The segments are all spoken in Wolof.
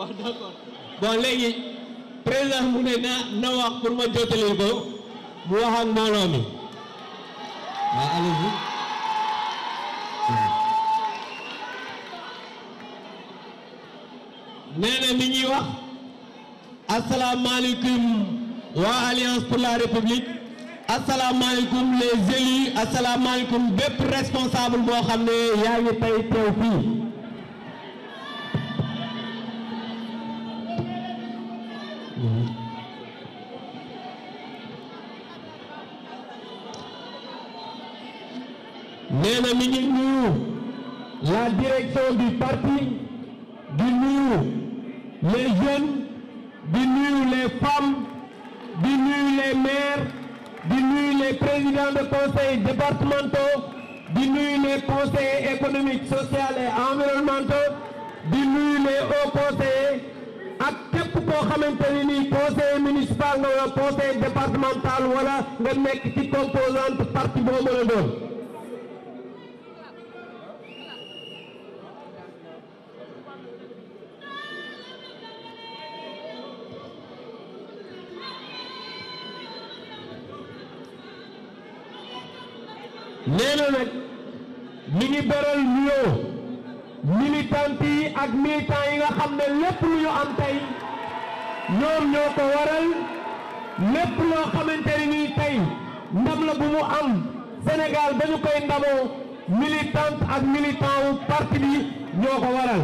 waaw d'accord bon léegi président mu ne na na wax pour ma jottali ko mu wax ak mbooloo mi waaw allez-y nee na mi ñuy wax asalaamaaleykum waa alliance pour la république asalaamaaleykum les élus asalaamaaleykum bépp responsable boo xam ne yaa ngi tey teew fii nee mi ngi nuyu la direction du parti di nuyu les jeunes di nuyu les femmes di nuyu les maires di nuyu les présidents de conseils départementaux di nuyu les conseillers économiques sociaux et environnementaux di nuyu les hauts conseillers ak képp koo xamante ni nii conseiller municipal nga wala conseiller départemental wala nga nekk ci composante parti boo mën a doon nee na nag mi ngi beral nuyoo militant yi ak militant yi nga xam ne lépp lu ñu am tey ñoom ñoo ko waral lépp loo xamante ni nii tey ndam la bu mu am Sénégal dañu koy ndamoo militant ak militant parti bi ñoo ko waral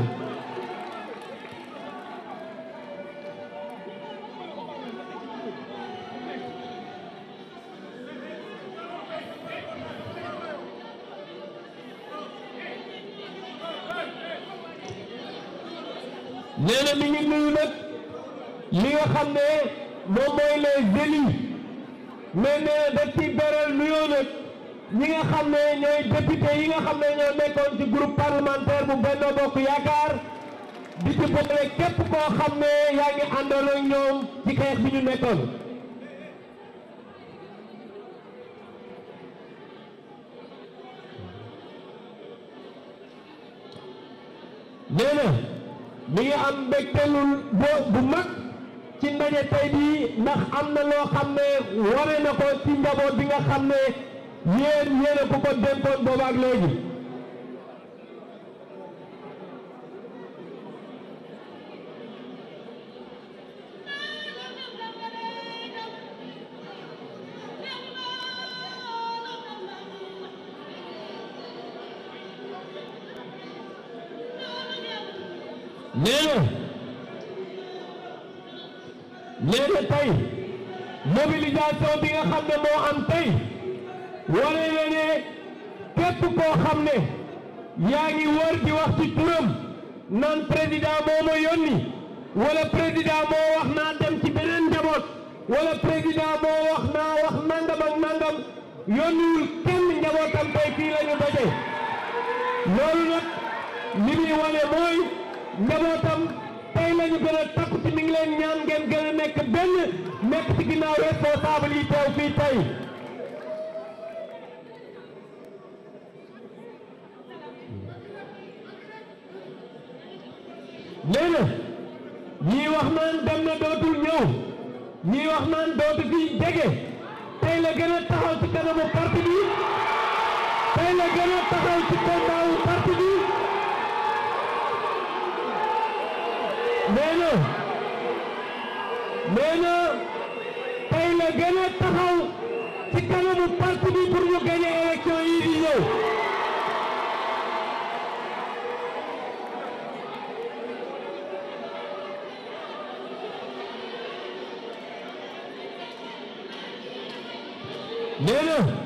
nee na mi ngi nuyu nag li nga xam ne moom mooy les élus mais nee na ci beral nuyoo ñi nga xam ne ñooy député yi nga xam ne ñoo nekkoon ci groupe parlementaire bu Benno Bokk Yaakaar di ci boole képp koo xam ne yaa ngi àndoon ñoom ci xeex bi ñu nekkoon. nee mi ngi am mbégtelul boo bu mag ci ndaje tey bi ndax am na loo xam ne waree na ko ci njaboot bi nga xam ne yéen yéen a ko dénkoon boobaak léegi léegi tey mobilisation bi nga xam ne moo am tey wane na ne képp koo xam ne yaa ngi wër di wax ci turam naan président moo ma yónni wala président moo wax naa dem ci beneen njaboot wala président moo wax naa wax nangam ak nangam yónniwul kenn njabootam tey fii la ñu loolu nag li muy wane mooy njabootam. tey la ñu gën a takku ci mi ngi leen ñaan ngeen gën a nekk benn nekk ci ginnaaw responsable yi teew fii tey. nee ñii wax naan dem na dootul ñëw ñii wax naan dootu fi jege tey la gën a taxaw ci kanamu parti parti bi. nee na tey la gën taxaw ci kanamu parti bi pour ñu gagné élection yi di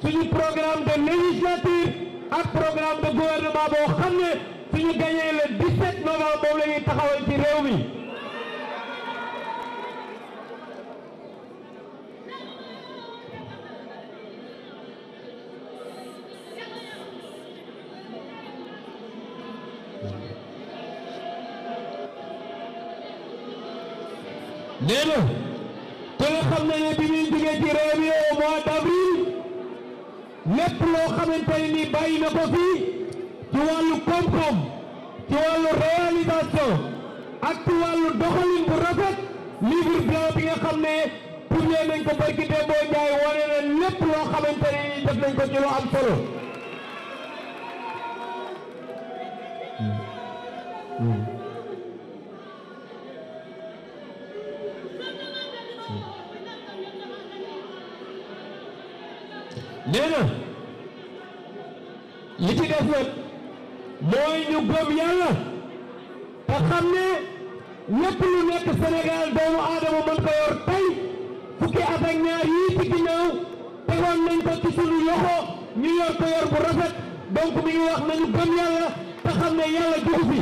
suñu programme de législature ak programme de gouvernement boo xam ne suñu le 17 novembre boobu la ñuy taxawal ci réew lépp loo xamante ne nii bàyyi na ko fii ci wàllu koom ci wàllu réalisation ak ci wàllu doxalin bu rafet livre blanc bi nga xam ne publié nañ ko barki Demba Ndiaye wane na lépp loo xamante ne nii def nañ ko ci lu am solo. nee yàlla te xam ne lépp lu nekk Sénégal doomu aadama mën ko tey fukki at ak ñaar yii ci ginnaaw tegoon nañ ko ci suñu loxo ñu yor ko yor mi ngi wax nañu gëm yàlla te xam ne yàlla jugu fi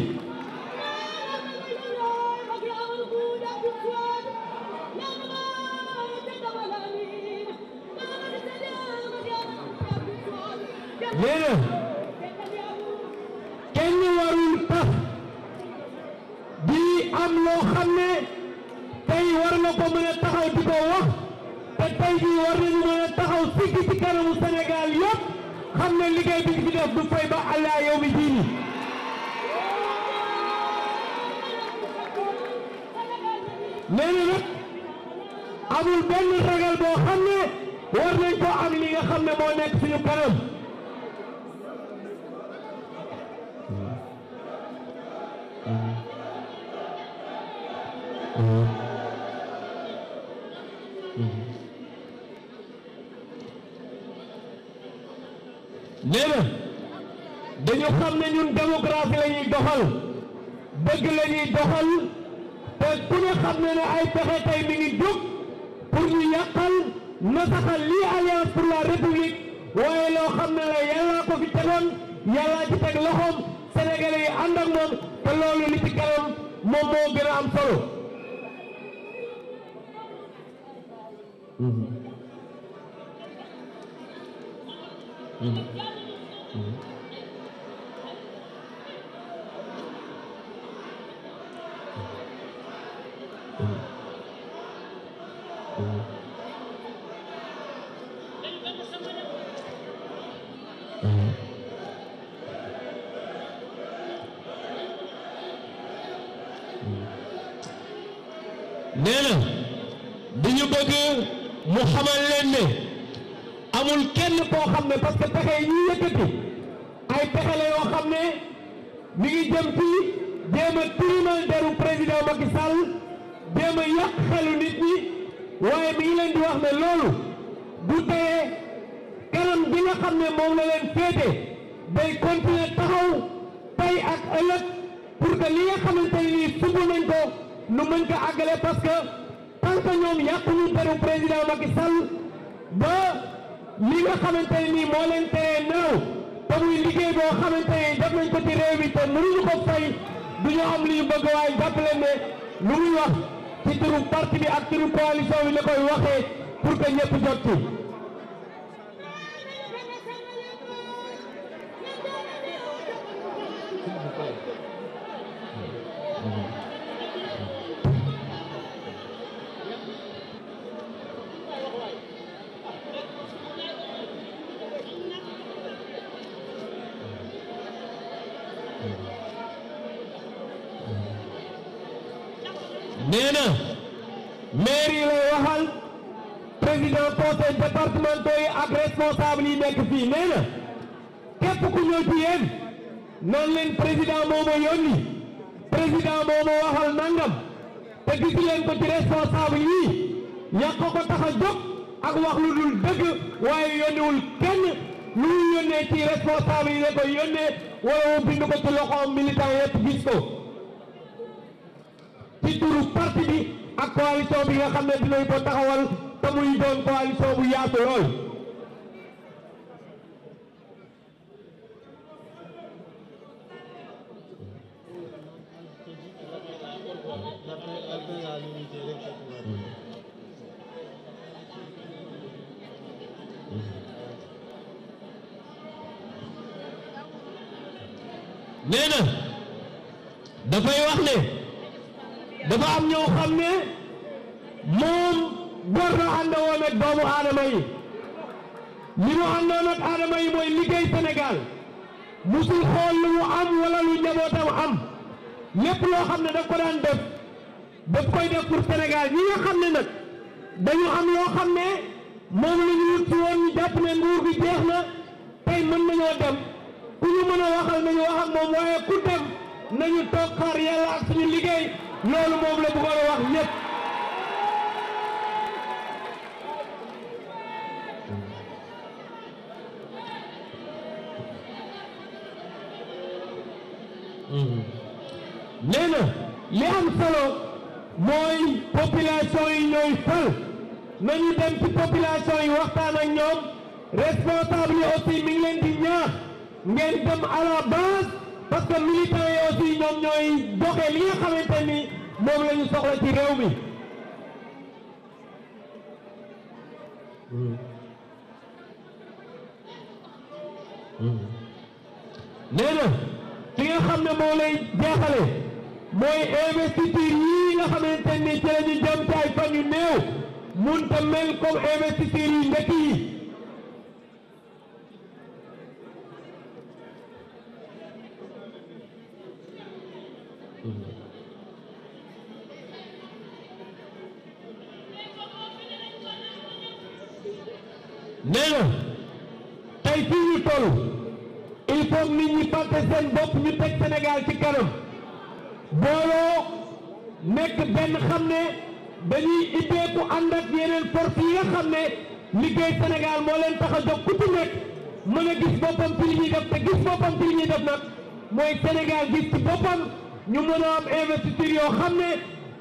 xam ne liggéey bi fi def du fay ba allah yow mi diini nee na nag amul benn ragal boo xam ne war nañ ko am li nga xam ne moo nekk suñu kanam nee na dañu xam ne ñun démocratie la ñuy doxal dëgg la ñuy doxal te ku ne xam ne ne ay pexe tey mi ngi jóg pour ñu yàqal nasaxal lii alliance pour la république waaye loo xam ne la yàllaa ko fi tegoon yàllaa ci teg loxoom sénégalais yi ànd ak moom te loolu li ci kanam moom moo gën a am solo Mm-hmm. Mm-hmm. nee na dañu bëgg mu xamal leen ne amul kenn koo xam ne parce pexe yi ñuy yëkkati ay pexe la yoo xam ne mi ngi jëm ci jéem a deru président Macky Sall yàq xelu nit ñi waaye mi ngi leen di wax ne loolu bu teye kanam gi nga xam ne moom la leen féete day continuer taxaw tey ak ëllëg pour que li nga xamante ni sumb nañ ko nu mën ko àggale parce que tant que ñoom yàquñu deru président Macky ba li nga xamante nii moo leen teree néew te liggéey boo xamante ne def nañ ko ci réew mi te mënuñu ko fay du ñu am li bëgg waaye jàpp ne lu muy wax ci turu parti bi ak turu coalition bi la koy waxee pour que ñëpp jot ci nee na mairie waxal président conseil départemental yi ak responsable yi nekk fii nee képp ku ñëw ci yéen naan leen président mooma yónni président mooma waxal nangam te gis leen ko ci responsable yi yàq ko tax a jóg ak wax lu dul dëgg waaye yónniwul kenn lu yónnee ci responsable yi ne ko yónnee wala mu bind ko ci loxoom militant yëpp gis ko ci turu parti bi ak coalition bi nga xam ne dinañ ko taxawal te muy doon coalition bu yaatu lool. musul xool lu mu am wala lu njabootam am lépp loo xam ne daf ko daan def daf koy def pour Sénégal ñi nga xam ne nag dañu am loo xam ne moom la ñu wut woon ñu jàpp ne nguur gi jeex na tey mën nañoo dem ku ñu mën a waxal nañu wax ak moom waaye ku dem nañu toog xaar yàlla ak suñu liggéey loolu moom la bëggoon a wax ñëpp. li am solo mooy population yi ñooy fël nañu dem ci population yi waxtaan ak ñoom responsable yi aussi mi ngi di ñaax ngeen dem à la base parce que yi ñoom ñooy doxee li nga xamante ni moom la soxla ci réew mi. Hmm. Hmm. nee ki nga xam ne moo lay mooy investiture yii nga xamante ni ci la ñu jëm ci yu néew munta mel comme investiture yi njëkk yi nee na tey fii ñu il faut nit ñi fàtte seen bopp ñu teg Sénégal ci kanam booloo nekk benn xam ne dañuy ibbeeku ànd ak yeneen force yi nga xam ne liggéey Sénégal moo leen tax a nekk mën a gis boppam ci li ñuy def te gis boppam ci li ñuy def nag mooy Sénégal gis ci boppam ñu mën a am investiture yoo xam ne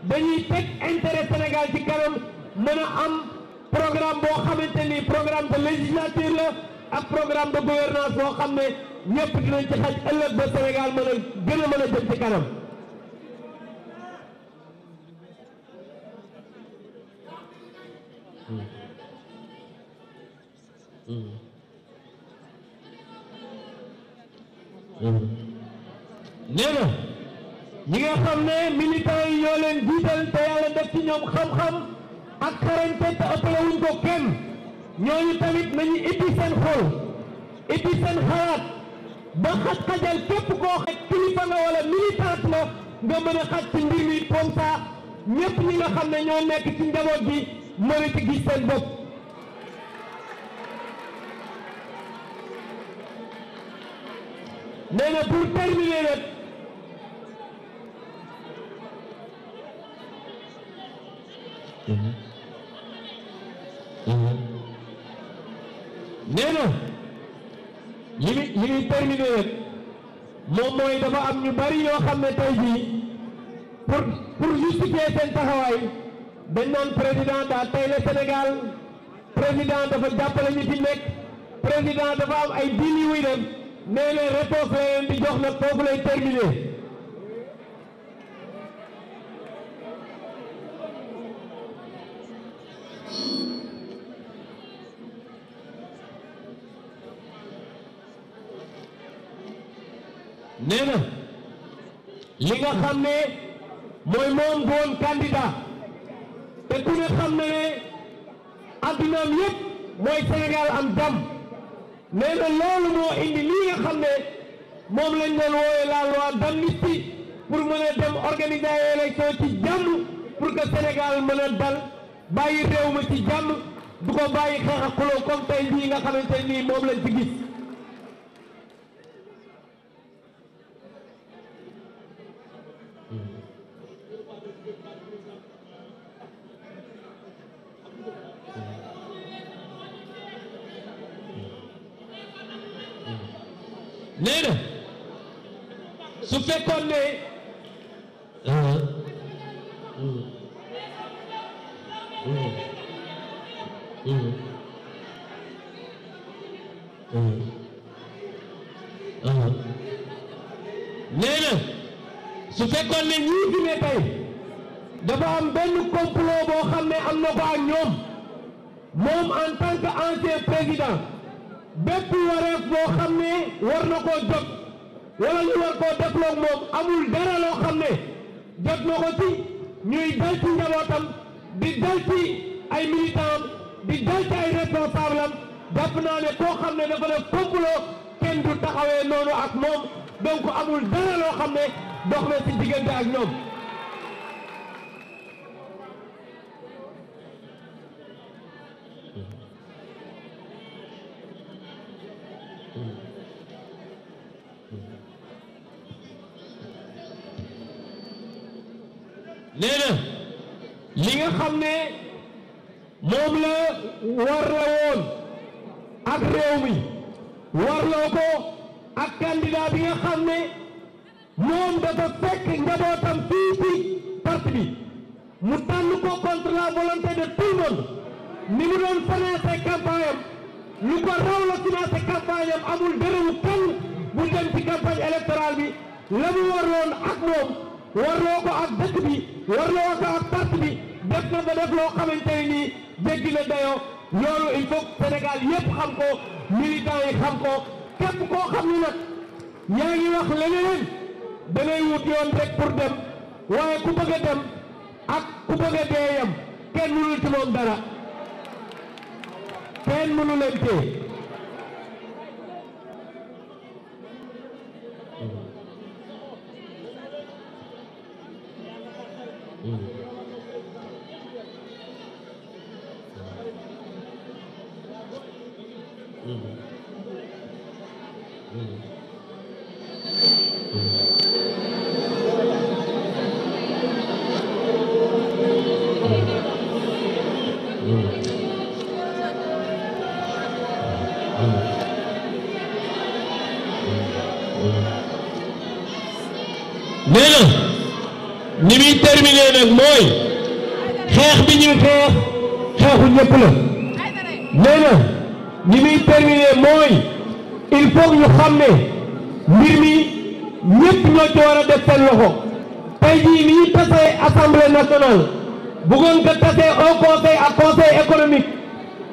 dañuy teg intérêt Sénégal ci kanam mën a am programme boo xamante ni programme de législature ak programme de gouvernance boo xam ne ñëpp dinañ ci xaj ëllëg ba Sénégal mën a gën a mën a jëm ci kanam nee na ñi nga xam ne militants yi ñoo leen jiital te yàlla def ci ñoom xam-xam ak xarañte te ëppale wuñ ko kenn ñooñu tamit nañu ibbi seen xol ibbi seen xalaat ba xaj xajal képp koo xaj kilifa nga wala militant la nga mën a xaj ci mbir mi comme ça ñi nga xam ne ñoo nekk ci njaboot bi mën ci gis seen bopp. nee pour terminer Mm-hmm. Mm-hmm. Mm-hmm. nee na li li li moom mooy dafa am ñu bari yoo xam ne tey jii pour pour justifier seen taxawaay dañ naan président daal tey la Sénégal président dafa jàppale ñu fi nekk président dafa am ay dili dem nee na réponse la yéen di jox nag foofu lay nee li nga xam ne mooy moom doon candidat te ku ne xam ne ne addinaam mooy Sénégal am jàmm nee loolu moo indi lii nga xam ne moom lañ doon wooye la loi d'amnistie pour mën a dem organiser élection ci jàmm pour que Sénégal mën a dal bàyyi réew ma ci jàmm du ko bàyyi xeex xuloo comme tey lii nga xamante nii moom lañ ci gis nee na su fekkoon ne ñii fi ne dafa am benn complot boo xam ne am na ko ak ñoom moom en tant que président bépp wareef boo xam ne war na koo jot wala ñu war koo defloog moom amul dara xam ne jot na ko ci ñuy dal ci njabootam di dal ci ay militant di dal ci ay responsable am jàpp naa ne koo xam ne dafa ne complot kenn du noonu ak moom donc amul dara loo xam ne dox na ci ak ñoom. nee na ne moom la war ak réew mi warloo ko ak candidat bi nga xam ne moom dafa fekk njabootam fii ci parti bi mu tànn ko contre la volonté de tout ni mu doon financé campagne lu ko raw la financé amul dërëmu kenn bu dem ci campagne électorale bi la mu warloon ak moom warloo ko ak dëkk bi warloo ko ak parti bi def na def loo xamante nii jéggi na loolu il faut Sénégal yëpp xam ko militant képp koo xam ni nag wax leneen dangay yoon rek pour dem waaye ku bëgg a dem ak ku bëgg a dee yam kenn mënul dara kenn mënu leen nee na ni muy terminé nag mooy xeex bi ñu xeex xeexu ñëpp la nee na ñi muy terminer mooy il faut ñu xam mbir mi ñëpp ñoo war a def seen loxo tey jii ni ñu tasee assemblée nationale bëggoon ko tasee au conseil ak conseil économique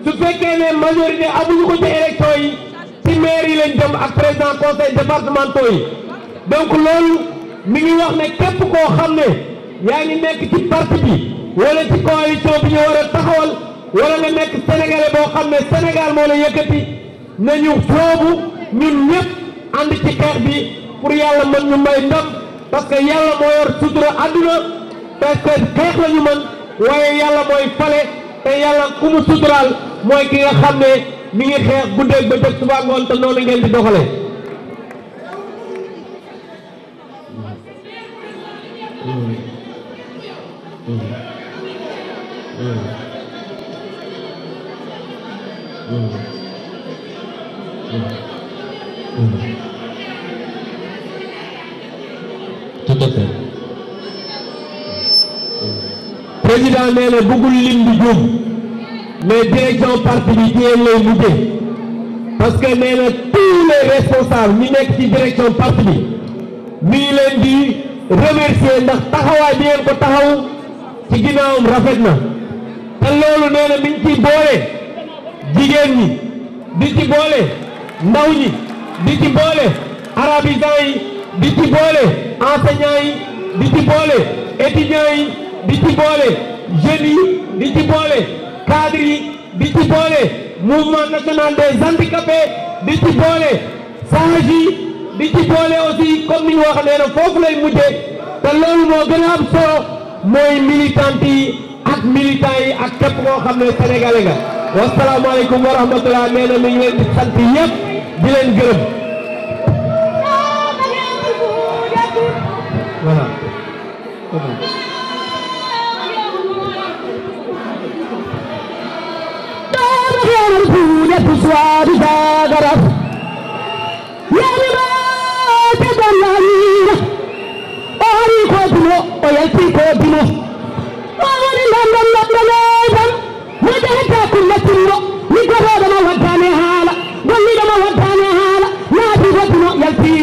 su fekkee ne majorité amuñu ko ci élection yi ci maire yi lañ jëm ak président conseil départementaux yi donc loolu mi ngi wax ne képp koo xam ne yaa ngi nekk ci parti bi wala ci coalition bi ñu war a taxawal wala nga nekk sénégalais boo xam ne Sénégal moo la yëkkati nañu foobu ñun ñëpp ànd ci xeex bi pour yàlla mën ñu may ndam parce que yàlla moo yor sutura àdduna parce xeex la ñu waaye yàlla mooy fale te yàlla ku mu suturaal mooy ki nga xam ne mi ngi xeex guddeeg ba bëccëg ngoon te noonu ngeen di doxale léeg-léeg bëggul lim bi juum mais direction parti bi ci yéen lay mujjee parce que nee na tous les ñi nekk ci direction parti bi mi leen di remercier ndax taxawaay bi ngeen ko taxaw ci ginnaawam rafet na te loolu nee na mi ngi boole jigéen ñi di ci boole ndaw ñi di ci boole arabisants yi di ci boole enseignants yi di ci boole étudiants yi bi ci boole jeunes yi di ci boole cadres di ci boole mouvement national des handicapés di ci boole sage yi di ci boole aussi comme ni ñu wax nee na foofu lay mujjee te loolu moo gën a am solo mooy militant yi ak militant yi ak képp koo xam ne sénégalais nga wasalaamaaleykum wa rahmatullah nee na mi ngi leen di sant yëpp di leen gërëm والكسوة بزاغرت يا ربا تدلل أهلي كوبينو ويلتي كوبينو